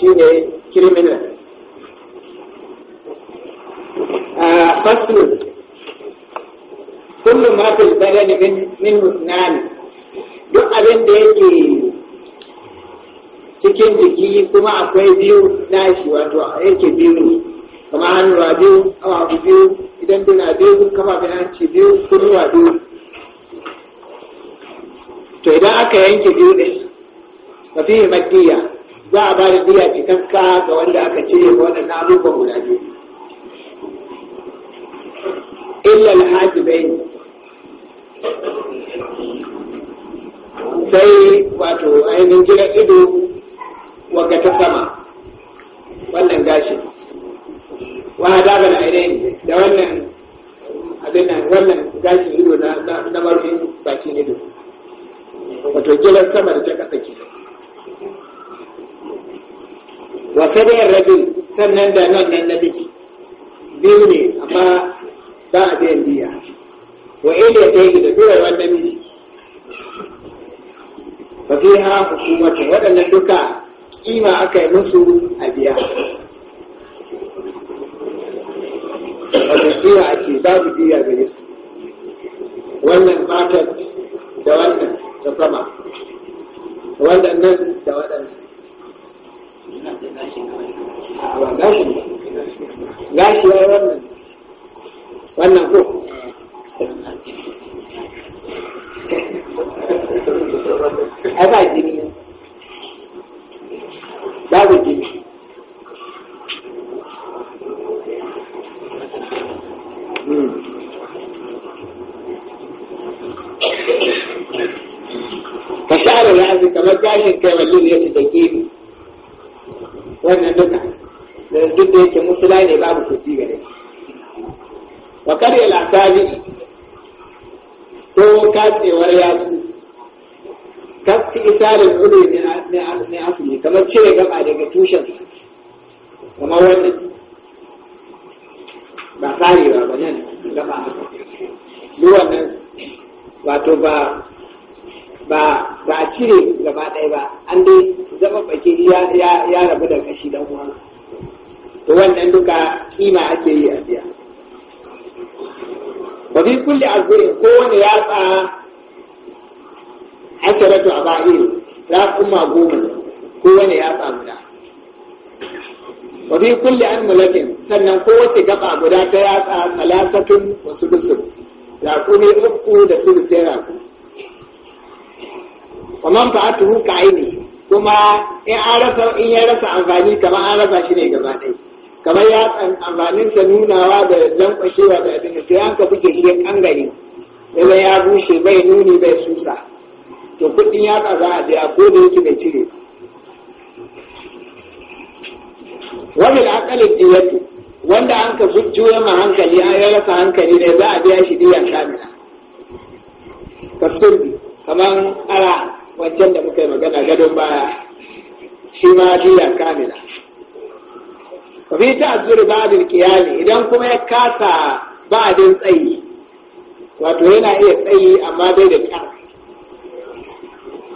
shine a faslun kullum ma fil badani min husnani duk abin da yake cikin jiki kuma akwai biyu na shi wato yake biyu ne kama hannuwa biyu awa biyu idan duna biyu kafa hanci biyu kunuwa biyu to idan aka yanke biyu ne ba fi maddiya za a bada diya cikakka ga wanda aka cire ga waɗannan abubuwan guda biyu illa alhaji bai sai wato ainihin gina ido waga ta sama wannan gashi wahada ga ainihin da wannan abin nan wannan gashi ido na maru'in bakin ido wato gina sama da ta kasa wasadin rajul sannan da nan nan namiji biyu ne amma ba a zai biya wa iliya ta yi da wani namiji ba fi ha hukumata waɗannan duka kima aka yi musu a biya wata kima ake babu biya gari tarin udri min asli kamar cire gaba daga tushen kamar wannan al'umma goma ne wani ya guda wa fi kulli an mulakin sannan ko wace gaba guda ta yatsa salasatun wa sulusun raƙumi uku da sai raku wa man fa'atuhu ka aini kuma in an rasa in ya rasa amfani kamar an rasa shi ne gaba ɗaya kamar ya amfanin sa nunawa da lankwashewa da abin da to yanka buke shi ya kangare ya bushe bai nuni bai susa to kudin yatsa za a biya ko da yake bai cire wani da akalin diyatu wanda an ka juya ma hankali an ya rasa hankali ne za a biya shi diyan kamina kasurbi kamar ara wancan da muka yi magana gadon baya shi ma diyan kamina fi ba ba'dil kiyali idan kuma ya kasa ba ba'din tsayi wato yana iya tsayi amma dai da kyar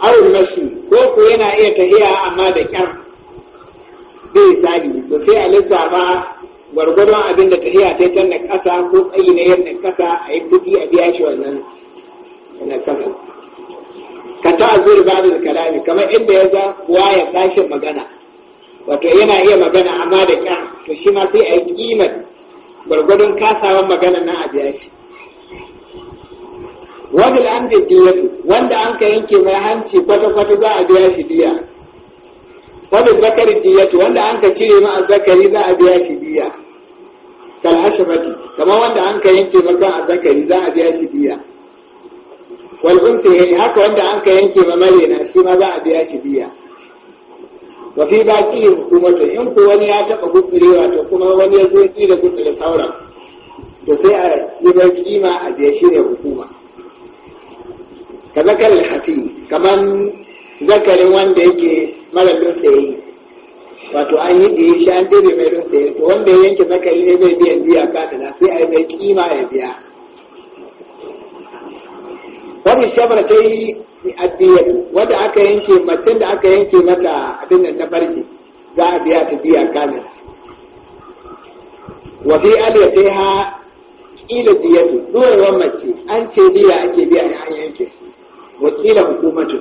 arin mashi ko ko yana iya tahiya amma da kyar bai zagi to sai a ba gwargwadon abin da tahiya ta yi da kasa ko tsayi na yadda kasa a yi kuɗi a biya shi wannan na kasa ka ta'azzur babu kalami kamar inda ya ga kuwa ya tashi magana wato yana iya magana amma da kyar to shi ma sai a yi kimar gwargwadon kasawan magana na a biya shi wabil an bi diyatu wanda an ka yanke mai hanci kwata kwata za a biya shi diya wabil zakari diyatu wanda an ka cire ma zakari za a biya shi diya kal hashabati kamar wanda an ka yanke maka zakari za a biya shi diya wal unthi haka wanda an ka yanke ma na, shi ma za a biya shi diya wa fi baki hukumatu in ko wani ya taba gutsurewa to kuma wani ya zo da gutsure sauran to sai a yi bai kima a biya shi ne hukuma ka zakar hafi kaman zakarin wanda yake mara lotsayi wato an yi ɗaya shi an mai lotsayi to wanda ya yanke zakari ne bai biyan biya ka da sai a yi mai kima ya biya wani shabar ta yi addiyar wanda aka yanke macen da aka yanke mata abin nan na barji za a biya ta biya kamila wa fi aliyataiha kila diyatu wani mace an ce biya ake biya ne an yanke su wakila hukumatu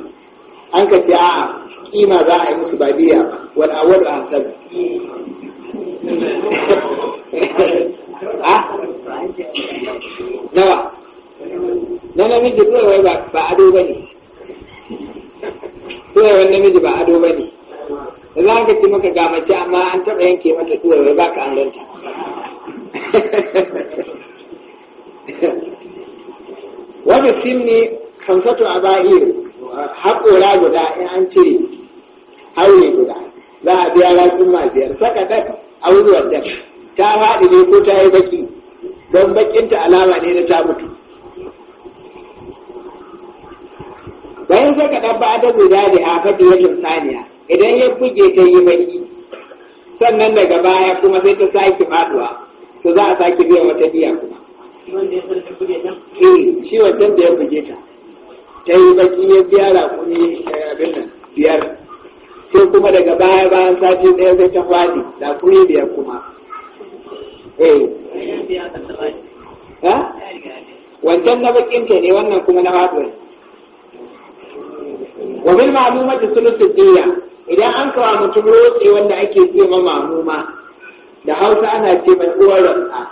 an ka ce a kima za a yi musu badiya wal awwal ahsan nawa na namiji tsoyawar ba ado ba ne tsoyawar namiji ba ado ba ne da za ka ci maka gamace amma an taɓa yanke mata tsoyawar ba ka an lanta wani sinni kamsatu a ba'iru haƙora guda in an cire aure guda za a biya rafin ma biyar saka ɗan auzuwar ɗan ta faɗi ne ko ta yi baki don bakinta alama ne na ta mutu bayan saka ɗan ba ta guda da hafadi ya saniya idan ya buge ta yi baki sannan daga baya kuma sai ta sake faduwa to za a sake biya wata diya kuma. Eh, shi wancan da ya buge ta. ta yi baki ya biya kuni eh, abin nan biyar sai kuma daga baya bayan sati ɗaya zai ta da kuni biyar kuma eh wancan na bakin ke ne wannan kuma na ne. wa bil ma'lumati sulusu diya idan an kawo mutum rotse wanda ake ce ma ma'muma da hausa ana ce mai uwar rotsa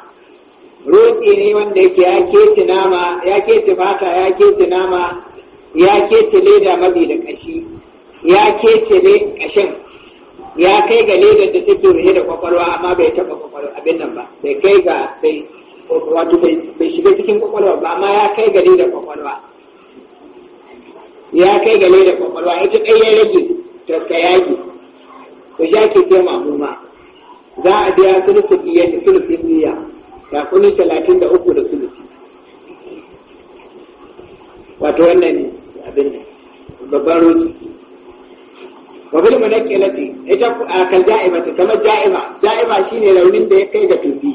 rotse ne wanda yake ya ke nama ya ke fata ya ke nama ya kece leda mabi da ƙashi ya kece le kashin ya kai ga ledar da take rufe da kwakwalwa amma bai taɓa kwakwalwa abin nan ba bai kai ga bai wato bai shiga cikin kwakwalwa ba amma ya kai ga ledar kwakwalwa ya kai ga ledar kwakwalwa ita ɗaya ya rage ta ka yaki ko shi ke ce mamuma za a biya sulusun iya sulusun iya ya kuni talatin da uku da sulufi. wato wannan ne. abin nan babban roti wa bil munakilati ita akal da'imati kamar da'ima da'ima shine raunin da ya kai da tubi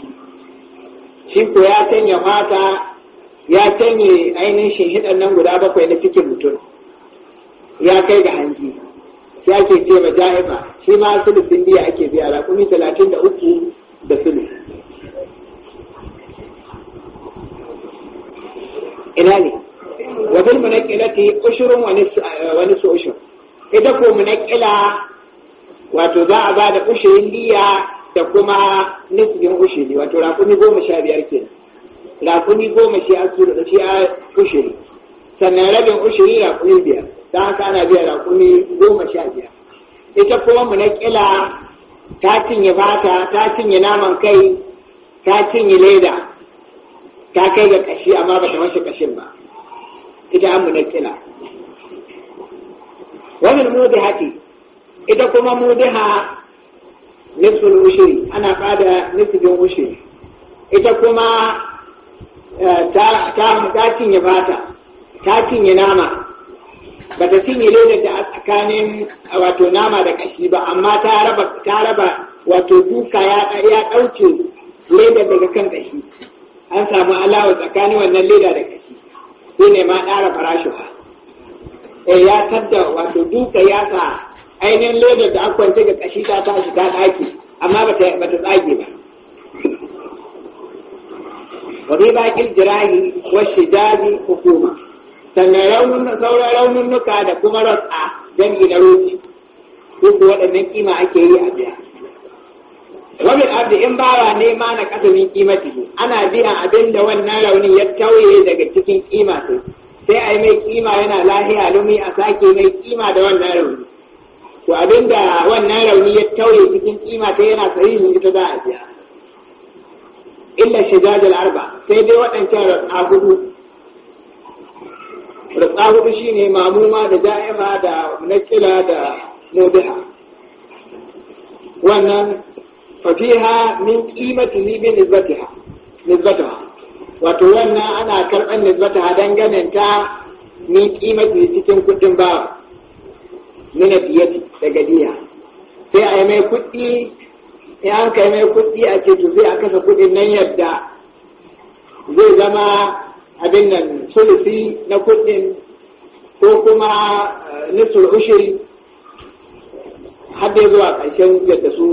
shi ko ya tanya mata ya tanye ainihin shinhidan nan guda bakwai na cikin mutum ya kai ga hanji shi ake ce ma da'ima shi ma sulufin biya ake biya raƙumi talatin da uku da suluf ina ne wajen munakila munaqilati ushrun wa wani wa ita ko munakila wato za a ba da ushurin diya da kuma nisbin ushuri wato rakumi goma sha biyar kenan rakumi goma shi a tsoro da shi a ushuri sannan rabin ushuri rakumi biyar ta haka ana biya rakumi goma sha biyar ita kuma munakila ta cinye fata ta cinye naman kai ta cinye leda ta kai ga kashi amma ba ta mashi kashin ba ita an kina wannan haki ita kuma ha nisful ushiri ana bada nisfin ushiri ita kuma eh, ta ta cinye bata ta cinye nama ba cinye leda da tsakanin wato nama da kashi ba amma ta raba ta raba wato duka ya ya dauke leda daga kan kashi an samu alawa tsakanin wannan leda da kashi shi ma ɗara farashin e eh, ya tadda wato duka ya sa ainihin ledar da akwai kwance ga kashi ta ta shiga ɗaki amma ba ta tsage ba wani bakin jirahi wasu jazi hukuma sannan sauran nuka da kuma rasa jam'i na roti duk waɗannan kima ake yi a biya wani abu in bawa nema na kasamin kimati ana biyan abin da wannan raunin ya tauye daga cikin kima sai a yi mai kima yana lahiya lumi a sake mai kima da wannan rauni to abin da wannan rauni ya tauye cikin kima ta yana sahihin ita za a biya illa shajajal arba sai dai waɗancan rasa hudu rasa hudu shine mamuma da da'ima da nakila da Mudiha. wannan ففيها من قيمته بنسبتها نسبتها وتولنا أنا كربا نسبتها دنجا انتهى من قيمته تكن كتن باو من الدية تجديها sai a yi mai kuɗi in an kai mai kuɗi a ce to sai a kasa kuɗin nan yadda zai zama abin nan sulusi na kuɗin ko kuma nisur ushiri har zuwa ƙarshen yadda su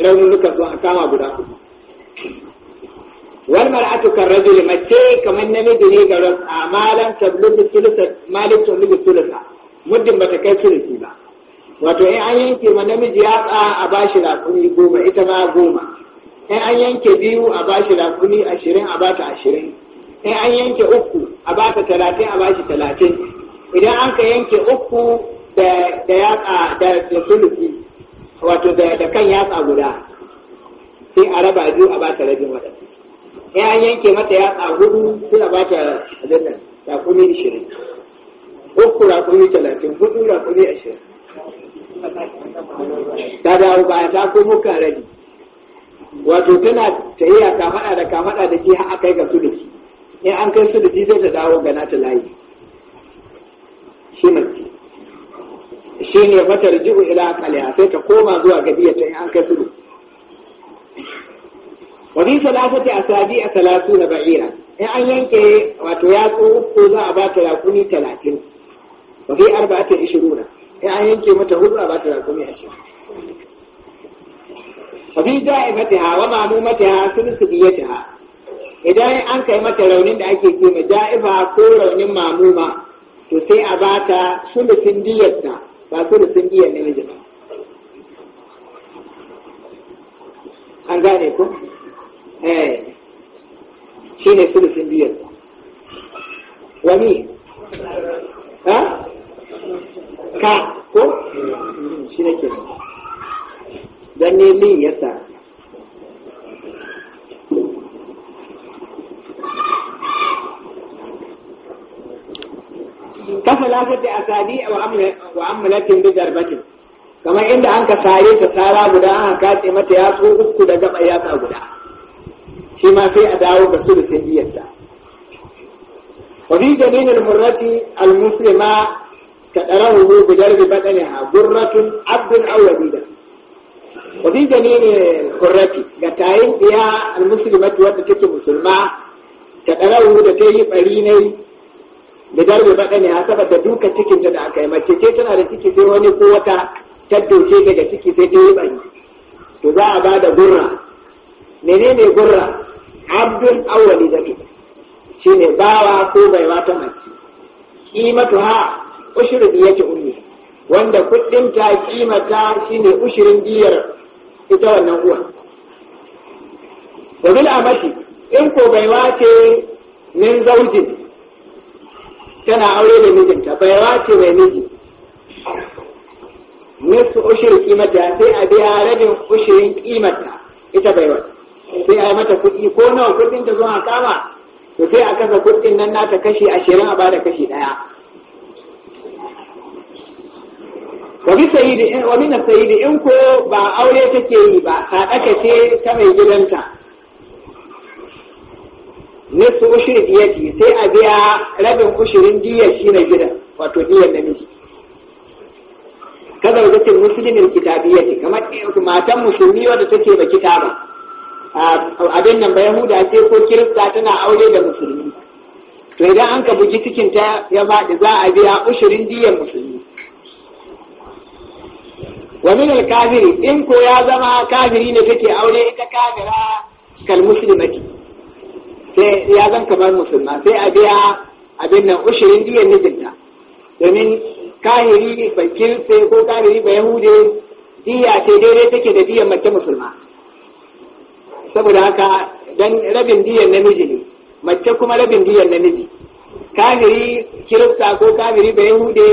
raunuka sun a kama guda kuma wal mar'atu rajul mace kamar namiji ne ga amalan tablusu sulusa malik tablusu sulusa muddin bata kai sulusi ba wato in an yanke ma namiji ya tsa a bashi rakuni goma ita ma goma in an yanke biyu a bashi rakuni ashirin a bata ashirin in an yanke uku a bata talatin a bashi talatin idan an ka yanke uku da yatsa da sulusi wato da kan yatsa guda sai a raba biyu a bata rabin waɗansu sai an yanke mata yatsa hudu sai a bata abin nan rakumi ishirin uku rakumi talatin hudu rakumi ashirin ta dawo ba ta komo kan rabi wato tana tahiya kamada da kamada da shi har kai ga sulusi in an kai sulusi zai ta dawo ga nata layi shi mace shi ne fatar ji'u ila akaliya sai ta koma zuwa gadiya ta 'yan an kai sulu wa bi salasati asabi a salatu na ba'ira in an yanke wato tso uku za a ba ta rakumi talatin wa bi arba'ati ishiruna in an yanke mata hudu a ba ta rakumi ashirin wa bi sun su biye ta ha, idan an kai mata raunin da ake kima ma ja'ifa ko raunin mamuma to sai a bata sulufin ta ba sun iya namiji ba an gane ku? eh shi ne sulusin biyar wani ha? ka ko? shi ne ke don ne li ya sa kasalafati asadi wa amlakin bi darbatin kamar inda an ka sare ta sara guda an katse mata yatsu uku da gaba yatsa guda shi ma sai a dawo ga sulusin diyarta wa bi dalilil murrati al muslima ka bi darbi gurratun aw wadida wa ga tayin diya al wadda take musulma ka da ta yi bari nai da darbe ba ne ha saboda duka cikinta da aka yi mace ce tana da ciki sai wani ko wata ta doke daga ciki sai ta yi bari to za a ba da gurra menene gurra abdul awwali da shi ne bawa ko bai wata mace kimatu ha ushirin yake ummi wanda kudin ta kimata shine ushirin biyar ita wannan uwa wa bil amati in ko bai wace min zaujin tana aure da mijinta bai wace mai miji nisu ushir kimata sai a biya rabin ushirin kimata ita bai wata sai a mata kuɗi ko nawa kuɗin ta zo a kama to sai a kasa kuɗin nan nata kashi ashirin a bada kashi ɗaya wa sayidi in ko ba aure take yi ba haɗaka ce ta mai gidanta nisu ushirin diyati sai a biya rabin ushirin diyar shi na gida wato diyar namiji kaza wajen musulmin kitabiyyati kamar matan musulmi wadda take ba kitaba abin nan ba yahuda ce ko kirista tana aure da musulmi to idan an ka bugi cikin ta ya faɗi za a biya ushirin diyar musulmi wa min al-kafiri in ko ya zama kafiri ne take aure ita kafira kal muslimati sai ya zan kamar musulma sai a biya abin nan ushirin diyan mijinta domin kahiri ba kirse ko kahiri ba yahude diya ce daidai take da diyan mace musulma saboda haka dan rabin diyan namiji ne mace kuma rabin diyan namiji kahiri kirista ko kahiri ba yahude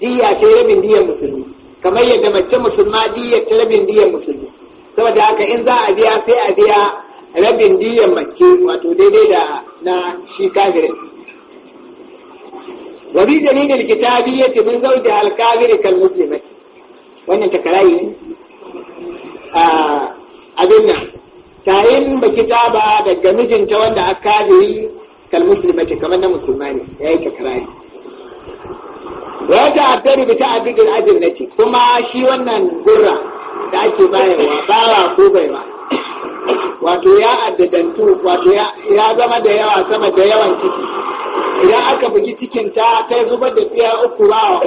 diya ce rabin diyan musulmi kamar yadda mace musulma diya ta rabin diyan musulmi saboda haka in za a biya sai a biya rabin diyan mace wato daidai da na shi kafirin wa bi dalilil kitabiyyati min zawji al kafiri kal muslimati wannan takarayi a abin nan tayin ba kitaba daga mijinta wanda a kafiri kal muslimati kamar na musulmani yayi takarari wa ta'addari bi na ajnati kuma shi wannan gurra da ake bayarwa bawa ko baiwa wato ya addadantu wato ya zama da yawa sama da yawan ciki idan aka bugi cikin ta ta zubar da fiya uku bawa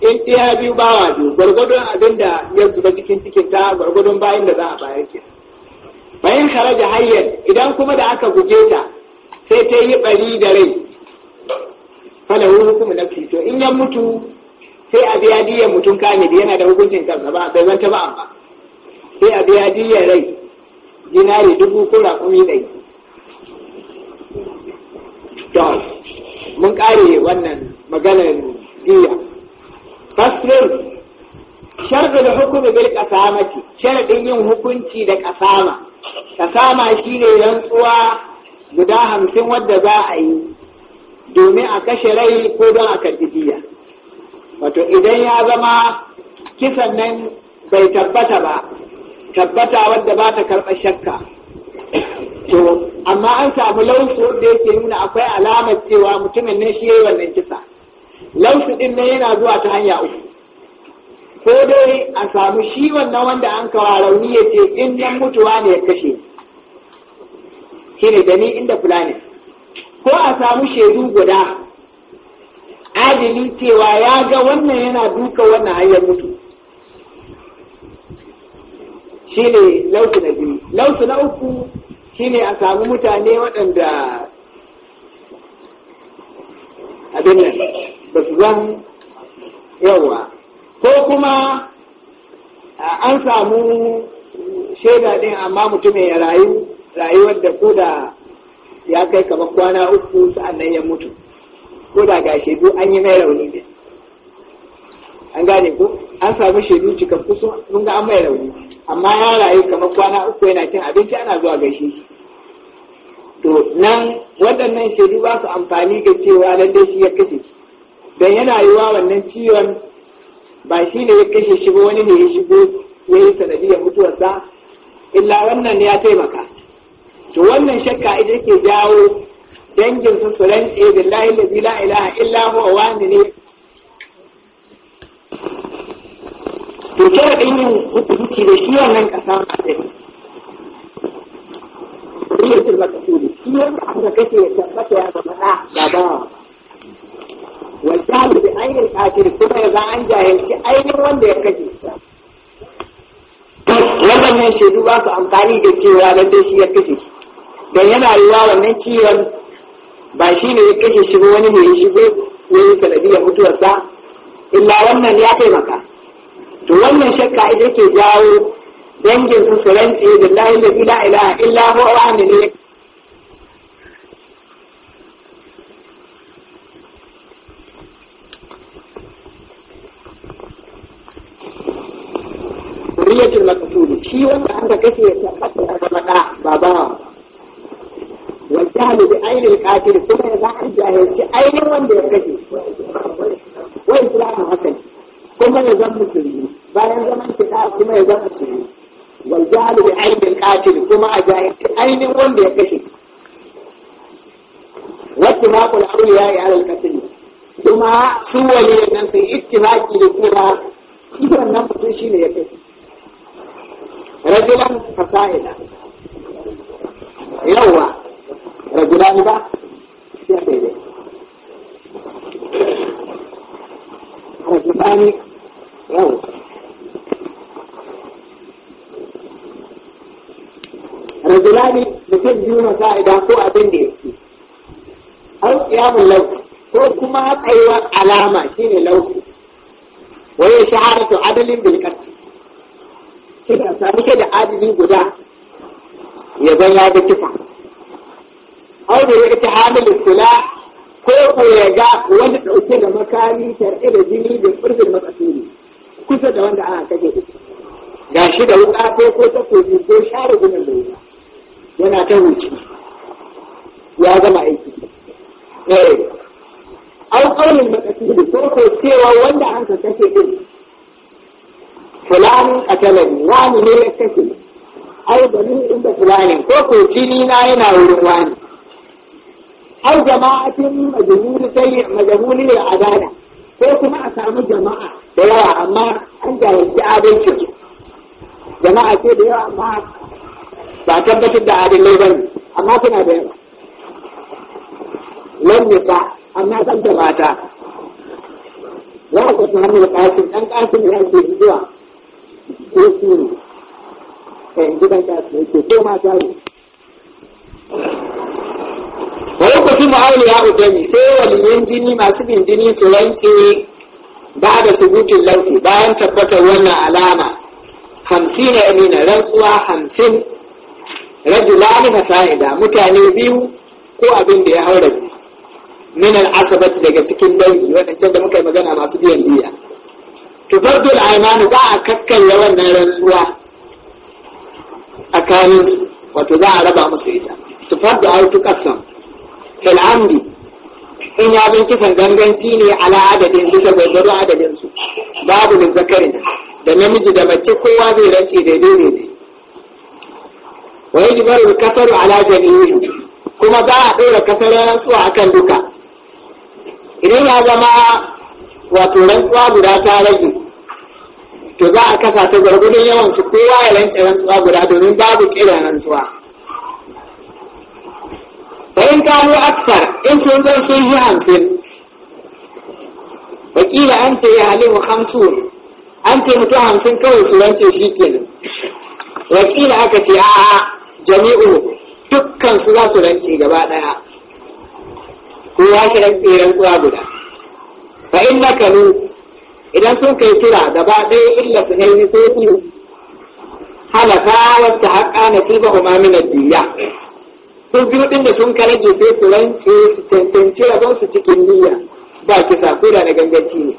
in fiya biyu bawa biyu gwargwadon abin da ya zuba cikin cikin ta gwargwadon bayan da za a bayar ke bayan da hayyar idan kuma da aka buge ta sai ta yi bari da rai falahu hukumu na fito. in 'yan mutu sai a biya diyan mutum kamil yana da hukuncin kansa ba bai zanta ba amma sai a biya diyan rai dinari dubu ko raƙumi ɗai don mun ƙare wannan maganar diya fasfur shardar da hukumi bil ƙasamati sharɗin yin hukunci da ƙasama ƙasama shine rantsuwa guda hamsin wadda za a yi domin a kashe rai ko don a karɓi diya wato idan ya zama kisan nan bai tabbata ba tabbata wanda ba ta karɓa shakka to amma an samu lausu wanda yake nuna akwai alamar cewa mutumin nan shi yayi wannan kisa lausu din nan yana zuwa ta hanya uku ko dai a samu shi wannan wanda an kawa rauni ya ce in nan mutuwa ne ya kashe shine da ni inda fulani ko a samu shaidu guda adili cewa ya ga wannan yana duka wannan hanyar mutu shine lausu na biyu lausu na uku shine a samu mutane waɗanda abin nan ba su zan yawa ko kuma an samu shaida ɗin amma mutumin ya rayu rayuwar da ko da ya kai kamar kwana uku sa'annan ya mutu ko da ga shaidu an yi mai rauni ne an gane ko an samu shaidu cikakku sun ga an mai rauni amma ya rayu kamar kwana uku yana cin abinci ana zuwa gaishe shi to nan waɗannan shaidu ba su amfani ga cewa lalle shi ya kashe shi don yana yiwa wannan ciwon ba shi ne ya kashe shi ba wani ne ya shigo ya yi sanadiyar mutuwarsa illa wannan ya taimaka to wannan shakka ita ke jawo dangin su su da billahi la ilaha illa huwa wani ne to sharaɗin yin hukunci da shi wannan kasa adadi shi ya tabbata ya wajen da ainihin kafiri kuma an jahilci ainihin wanda ya shaidu ba su amfani da cewa lallai shi ya kashe shi don yana yiwa wannan ciwon ba shi ne ya kashe shi ba wani ne ya shigo ya yi sanadiyar mutuwarsa illa wannan ya taimaka to wannan shakka ita yake jawo dangin su su rantse billahi la ilaha illa illa huwa wa'anda ne riyatul maqtul shi wanda an ga kashe ta kace ya zama da wa wajahu bi ainihin kafir kuma ya a jahilci ainin wanda ya kashe wai islamu hakan kuma ya zama musulmi bayan zaman ta kuma ya zama shiri wal jahlu bi ainihin qatil kuma a jahilci ainin wanda ya kashe wata makon awliya ya al qatil kuma su waliyan sai sun ittifaqi da kuma shi nan mutum shine ya kashe rajulan fasa'ila yawa rajulani ba sai dai rajulani misali mutum biyu na fa’ida ko abin da ya fi har kiyamun lauki ko kuma tsayuwar alama shi ne lauki waye shaharatu adalin bilkasti kika samu da adali guda ya zan ya ga kifa au da ya ta hamil Sula ko ko ya ga wanda ɗauke da makami tarɗe da jini da ƙurfin matsasiri kusa da wanda aka kaje ga shi da wuƙa ko ko takobi ko share gudun da yana ta wuce ya gama aiki eh au qaulul maqsud ko ko cewa wanda an ka ke din fulani akalani wani ne ya kashe ai bani inda fulani ko ko jini na yana wurin wani au jama'atin majhuli sai majhuli ya adana ko kuma a samu jama'a da yawa amma an jahilci abincin jama'a ce da yawa amma ba tabbatar da adalai ba ne amma suna da yawa lan nisa amma san da mata za a kwata hannun kasin ɗan kasin ya ke zuwa ko su ne eh, gidan kasin ke, ko mata ne wani kusi ma'auni ya ne sai waliyan jini masu bin jini su rance ba da subutun lauki bayan tabbatar wannan alama hamsin na amina rantsuwa hamsin rajulani fasahida mutane biyu ko abin da ya haura biyu minan asabati daga cikin dangi Wadancan da muka yi magana masu biyan diya tufaddul aimanu za a yawan wannan rantsuwa a wato za a raba musu ita fardu a wutu kasan amdi in ya bin kisan ganganci ne ala adadin bisa gwagwaro adadin su babu da Zakarina, da namiji da mace kowa zai rance daidai ne Wai wa barin kasaru ala jami'in kuma za a ɗora kasar rantsuwa akan duka idan ya zama wato rantsuwa guda ta rage to za a kasa ta gwargwadon yawan su kowa ya rance rantsuwa guda domin babu kiran rantsuwa bayan gano akfar in sun zan sun yi hamsin wakila an ce yi halimu hamsin, an ce mutu hamsin kawai su rance shi kenan wakila aka ce a'a jami'u dukkan su za su rance gaba daya kowa shi rantse rantsuwa guda fa in na kanu idan sun kai tura gaba ɗaya illa su ne ni sai iyo halaka wasta haƙa na tiba kuma min ad-diya su biyu ɗin da sun karage sai su rance su cancanci rabon su cikin niyya ba kisa ko da na ganganci ne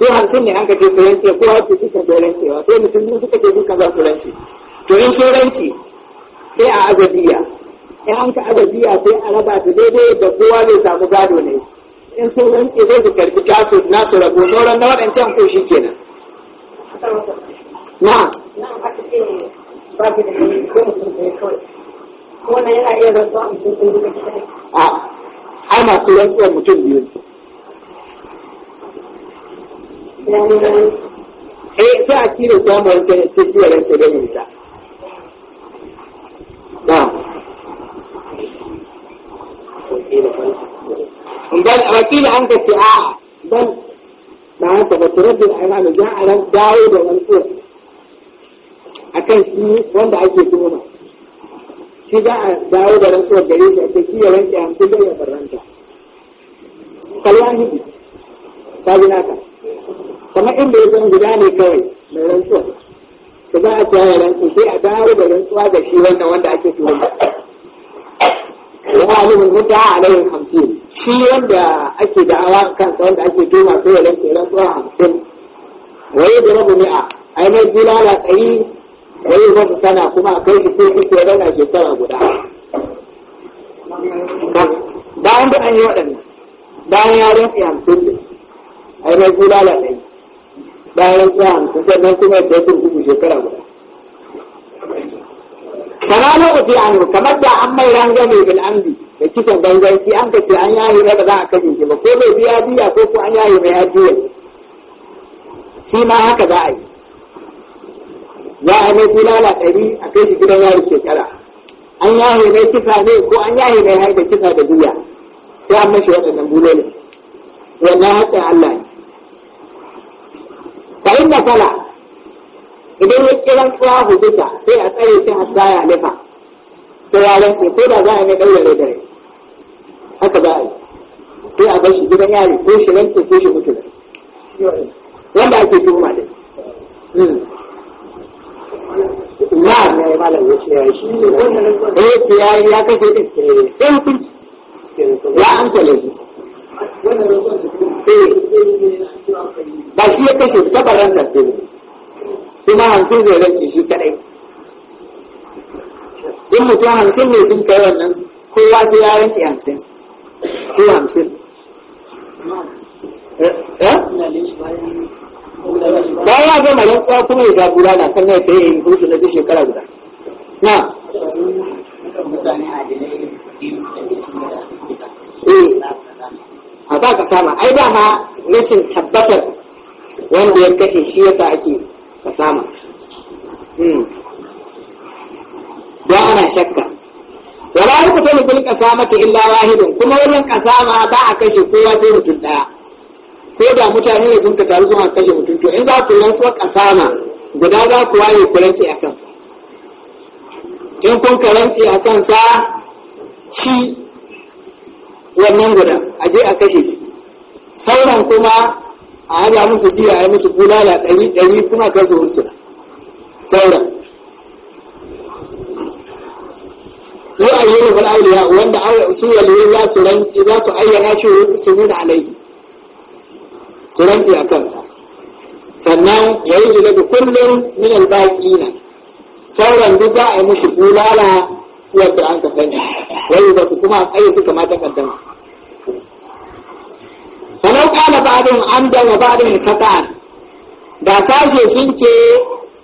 su hamsin ne an ka ce su rance ko har su suka rantsewa sai mutum ne suka ce duka za su rance to in sun rance. sai a azabiya in an ka azabiya sai a raba ta daidai da kowa zai samu gado ne in so zan ke zai su karbi tasu nasu rabo sauran na waɗancan ko shi kenan na ba shi da yana iya rantsuwa a ai masu rantsuwar mutum biyu eh sai a cire ta mai ta cire rantsuwar ta wakila an ka ce a dan ba haka ba turabin alama ja a ran dawo da rantsuwa a kan shi wanda ake tuhuma shi za a dawo da rantsuwa gare shi a ce shi ya rantsa hamsin zai ya barranta kalwahibi ta bi ka, kamar inda ya zama guda ne kawai mai rantsuwa da za a ce ya rantsu sai a dawo da rantsuwa ga shi wanda wanda ake tuhuma ghalibul a alaihi hamsin shi wanda ake da'awa kansa wanda ake tuma sai ya lanke rantsuwa hamsin waye da rabu a ai mai bulala ɗari waye masu sana kuma a kai shi ko uku ya zauna shekara guda bayan da an yi waɗannan bayan ya rantsi hamsin ne ai mai bulala ɗari bayan rantsi hamsin sannan kuma ya kai uku shekara guda kama lokaci anu kamar da an mai rangame bil amdi da kisan danganci, an ka ce an yayi mai ba za a kashe shi ba ko bai biya biya ko ko an yaye mai hadiya shi ma haka za a yi za a mai bulala ɗari a kai shi gidan yari shekara an yayi mai kisa ne ko an yayi mai haida kisa da biya sai an mashi waɗannan bulolin wannan haƙƙin Allah ne fa inda kala idan ya kiran tsawa ta, sai a tsaye shi hatta ya nufa sai ya rantse ko da za a mai ɗaure da dare haka za a yi sai a bar shi gidan yari ko shi ranke ko shi mutu wanda ake tuhuma da na'am hmm. ya malam ya ce ya yi shi ya eh, ce ya ya kashe din sai hukunci ya amsa laifin eh. ba shi ya kashe ta baranta ce ne kuma hansun zai rage shi kadai in mutum hansun ne sun kai wannan kowa sai ya rantse hansun su hamsin eh, eh? bayan ya gama rantsuwa kuma ya sha kan ya na ta shekara guda na eh, a ba ka rashin tabbatar wanda ya kashe shi yasa ake ka ƙasamata illa wahidun kuma wajen kasa ma ba a kashe kowa sai mutum ɗaya ko da mutane ne sun ka taru sun kashe mutum to in za ku kasa ma guda za ku waye ku rantse a kansa in kun ka rantse a kansa ci wannan guda a je a kashe shi sauran kuma a haɗa musu biya a musu bulala ɗari ɗari kuma kai su hursuna sauran auliya wanda su waliyi za su rantsi za su ayyana shi su nuna alaihi su rantsi a kansa sannan ya yi da kullum min na sauran duk za a yi mushi bulala yadda an ka sani wai ba su kuma tsaye su kama ta kaddama falau kana ba'dun an wa ba'dun qata'an da sashe sun ce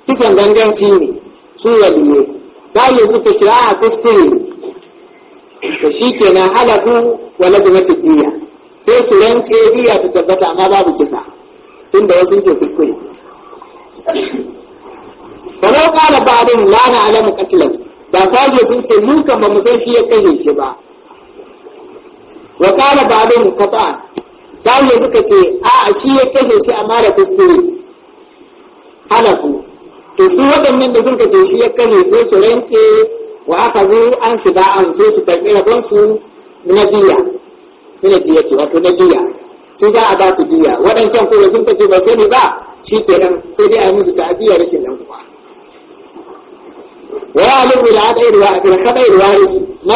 kisan ganganci ne su waliye sashe suka kira a kuskure ne da shi na halaku wa lazimatu diya sai su rance diya ta tabbata amma babu kisa da wasu ce kuskure walau ba abin lana alamu qatlan da sashe sun ce mu ba mu san shi ya kashe shi ba wa abin ba'dun za sashe suka ce a shi ya kashe shi amma da kuskure halaku to su waɗannan da suka ce shi ya kashe sai su rance wa aka zo an su ba an sai su karɓi rabon su na diya na diya ce wato na diya su za a ba su diya waɗancan kuma sun kace ba sani ba shi ke nan sai dai a yi musu ta'abiyar rashin nan kuma wa alimu da aka yi ruwa a fil kaɗai ruwa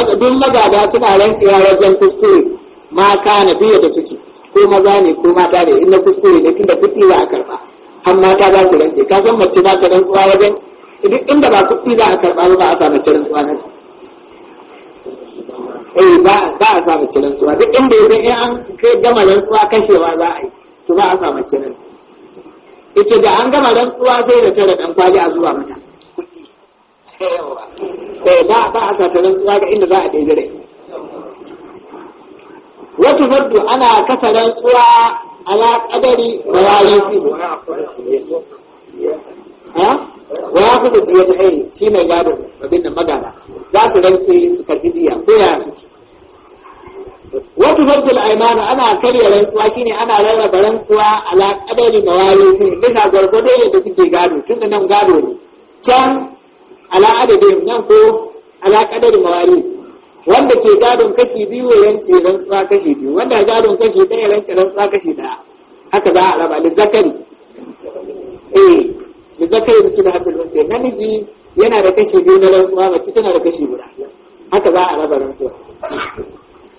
su duk magada suna rantsewa wajen kuskure ma kana biya da suke ko maza ne ko mata ne inda kuskure ne tunda kuɗi ba a karɓa har mata za su rantse ka san mace ba ta rantsuwa wajen duk inda ba kuɗi za a karɓa ba a sa mace rantsuwa nan eh ba a samu mace rantsuwa duk inda ya in an kai gama rantsuwa kashewa za a yi to ba a samu mace ita da an gama rantsuwa sai da tara dan kwali a zuwa mata kuɗi eh ba ba a sa ta rantsuwa ga inda za a ɗebi rai wata fardu ana kasa rantsuwa ala kadari mawalisi ha wa ya fi da ta haye shi mai gado babin nan magana za su rance su karbi diya ko ya su ci wata fardul aimanu ana karya rantsuwa shine ana rarraba rantsuwa ala kadari mawalihin bisa gwargwado yadda suke gado tun da nan gado ne can ala adadin nan ko ala kadari mawali wanda ke gadon kashi biyu ya rance rantsuwa kashi biyu wanda gadon kashi ɗaya ya rance rantsuwa kashi ɗaya haka za a raba lizzakari eh da kai da cina haddal namiji yana da kashi biyu na rantsuwa mace tana da kashi guda haka za a raba rantsuwa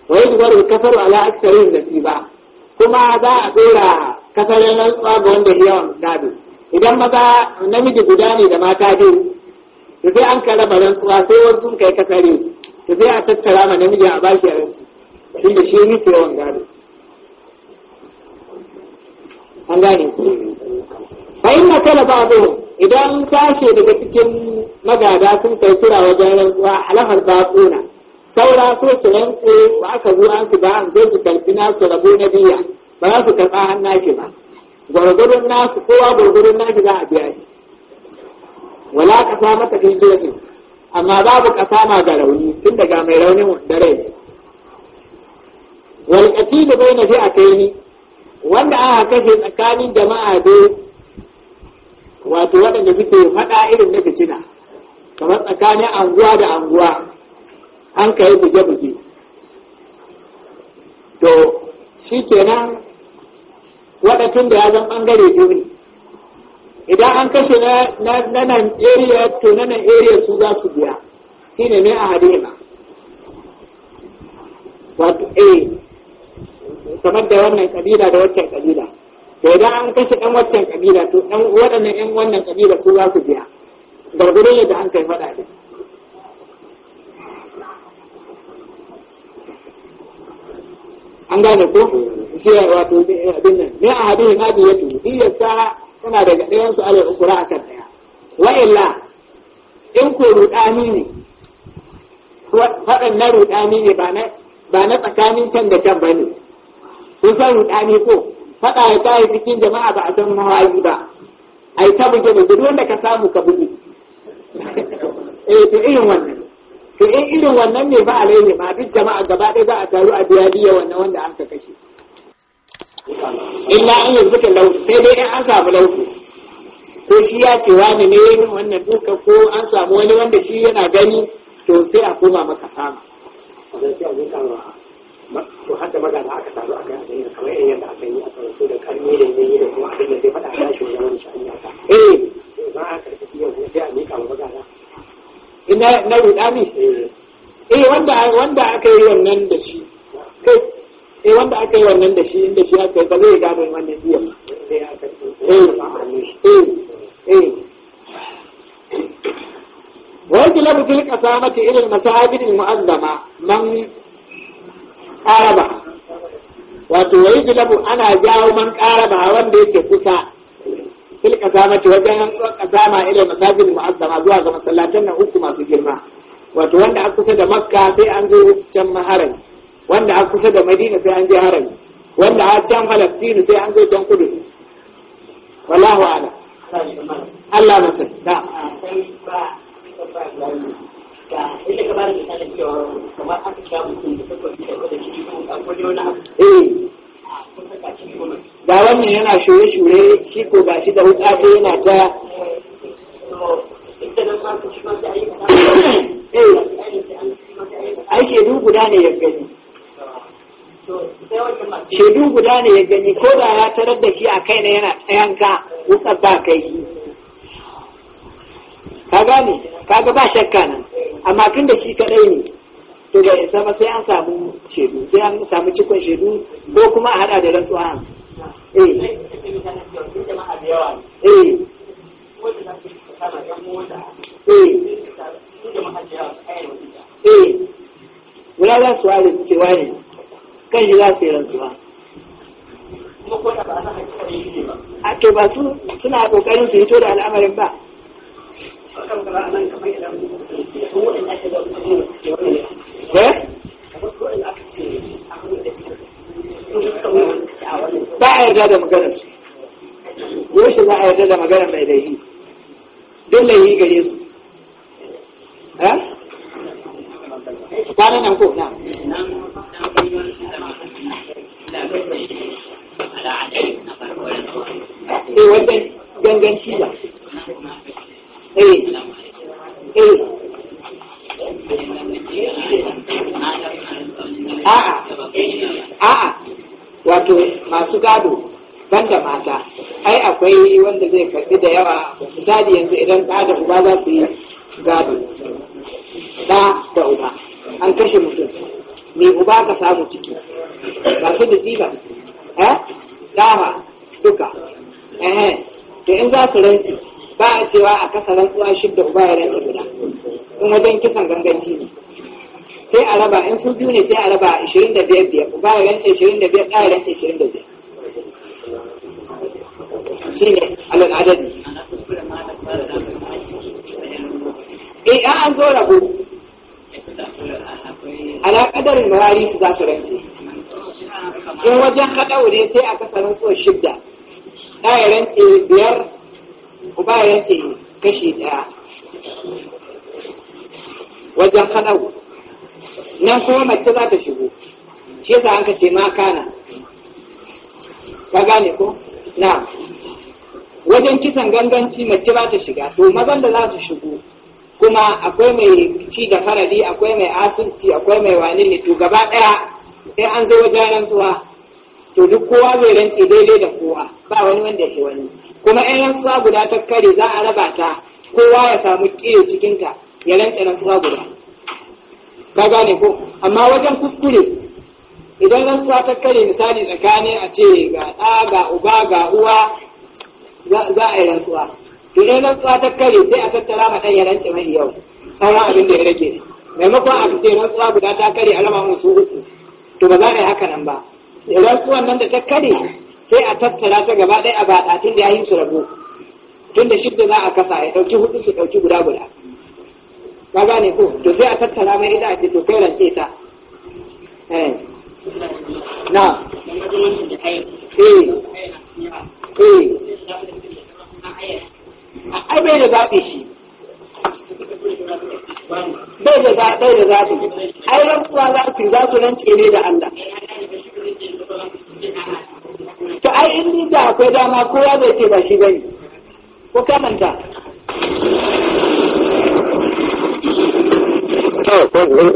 wa yajibu kasar ala da ba, kuma za a dora kasar rantsuwa ga wanda ya yawan gado idan maza namiji guda ne da mata biyu da sai an karaba rantsuwa sai wasu sun kai kasare da sai a tattara ma namiji a bashi a ranci shi da shi yi yawan gado an gane fa inna kala babu idan sashe daga cikin magada sun kai kura wajen rantsuwa alhar bakuna saura sai su rantse wa aka zo an su ba an sai su karbi nasu rabo na biya ba za su karɓa har nashi ba gwargwadon nasu kowa gwargwadon nashi za a biya shi wala ƙasa mata fi johin amma babu ƙasa ma ga rauni tun daga mai raunin da rai ne fi a kai fi'atayn wanda aka kashe tsakanin jama'a biyu wato waɗanda suke faɗa irin na fitina kamar tsakanin anguwa da anguwa an kai buge-buge to shi kenan waɗatun da ya zan ɓangare duni idan an kashe na nan area to na nan area su za su biya shi ne mai a hadima wato a eh, kamar da wannan kabila da waccan kabila to idan an kashe ɗan waccan kabila to ɗan waɗannan ɗan wannan kabila su za su biya gargudun yadda an kai faɗa ne an gane ko shi wato eh, abin nan ne a hadihin hadiyatu sa tana daga ɗayan su alal ukura akan ɗaya wa illa in ko rudani ne Faɗin na rudani ne ba na tsakanin can da can ba ne kusan rudani ko faɗa ya tayi cikin jama'a ba a san mawayi ba ai ta buge da duk wanda ka samu ka buge eh to irin wannan to in irin wannan ne ba alaihi ba duk jama'a gaba ɗaya za a taru a biya biya wannan wanda an ka kashe illa an yanzuka lau sai dai in an samu lauku ko shi ya ce wani ne wannan duka ko an samu wani wanda shi yana gani to sai a koma maka sama to har da magana aka taru aka yi alayyar kamar yan yadda aka yi a karatu da karni da yi da kuma abin da zai faɗa tashi wajen wani sha'ani ya ta eh ba a karfi yau sai a miƙa wa magana ina na ruɗa ne eh. eh wanda wanda aka yi wannan da shi kai eh wanda aka yi wannan da shi inda shi aka yi ba zai gano wannan biyan ويجلب في القسامة إلى المساجد المؤلمة من Ƙaraba, wato wai jilabu ana jawo man qaraba wanda yake kusa fil kasamati wajen tsawon kasama ila masajin mu'azzama zuwa ga masallatan nan uku masu girma wato wanda a kusa da makka sai an zo can maharan, wanda a kusa da madina sai an je haram, wanda a can falastinu sai an zo can kudus wallahu ala Allah masai na ina ka bada cewa kamar aka mutum da da da wani abu ga eh. wannan yana shure-shure shi ko ga shi da wuka ta yana eh, eh. ta ai shaidu guda ne ya gani shaidu guda ne ya gani ko da ya tarar da shi a kai na yana tsayanka wukar ba kai ka gane kaga ba shakka nan amma tun da shi kadai ne to da isa ba sai an samu shaidu sai an samu cikon shaidu ko kuma a hada da rantsuwa hansu eh eh eh, eh. wula za su wale su cewa ne kan shi za su yi rantsuwa a to ba su suna kokarin su hito da al'amarin ba ba a yarda da su yaushe za a yarda da maganar mai laihi don laihi gare su misali yanzu idan ɗa da uba za su yi gado ɗa da uba an kashe mutum mai uba ka samu ciki ba su da sifa eh duka eh to in za su ranci ba a cewa a kasa rantsuwa da uba ya ranci guda in wajen kisan ganganci ne sai a raba in su biyu ne sai a raba 25 biyar uba ya ranci 25 ɗa ya rance 25 shi ne al'adadi eh an an zo rabo ala kadar mahari su za su rance in wajen haɗaure sai a kasa rantsuwar shidda ɗa ya rance biyar uba ya rance kashi ɗaya wajen haɗau nan kuma mace za ta shigo shi yasa an ka ce ma kana ka gane ko na wajen kisan ganganci mace ba ta shiga to mazan da za su shigo kuma akwai mai ci da faradi akwai mai asirci akwai mai wane ne to gaba ɗaya sai an zo wajen rantsuwa to duk kowa zai rantse daidai da kowa ba wani wanda ya wani kuma 'yan rantsuwa guda ta kare za a raba ta kowa ya samu kire cikinta ya rantsa rantsuwa guda ka gane ko amma wajen kuskure idan rantsuwa ta kare misali tsakanin a ce ga ɗa ga uba ga uwa za a yi rantsuwa idan rantsuwa ta kare sai a tattara ma ɗan ya rance mai yau sauran abin da ya rage maimakon a na rantsuwa guda ta kare alama musu uku to ba za a yi haka nan ba rantsuwan nan da ta kare sai a tattara ta gaba ɗaya a baɗa tun da ya yi su rabu tun da shidda za a kasa ya ɗauki hudu su ɗauki guda guda ka gane ko to sai a tattara mai ita a ce to kai rance ta eh. na eh eh ai bai da zaɓi shi bai da zaɓi ai rantsuwa za su za su rantse ne da Allah to ai in da akwai dama kowa zai ce ba shi bane ko kamanta to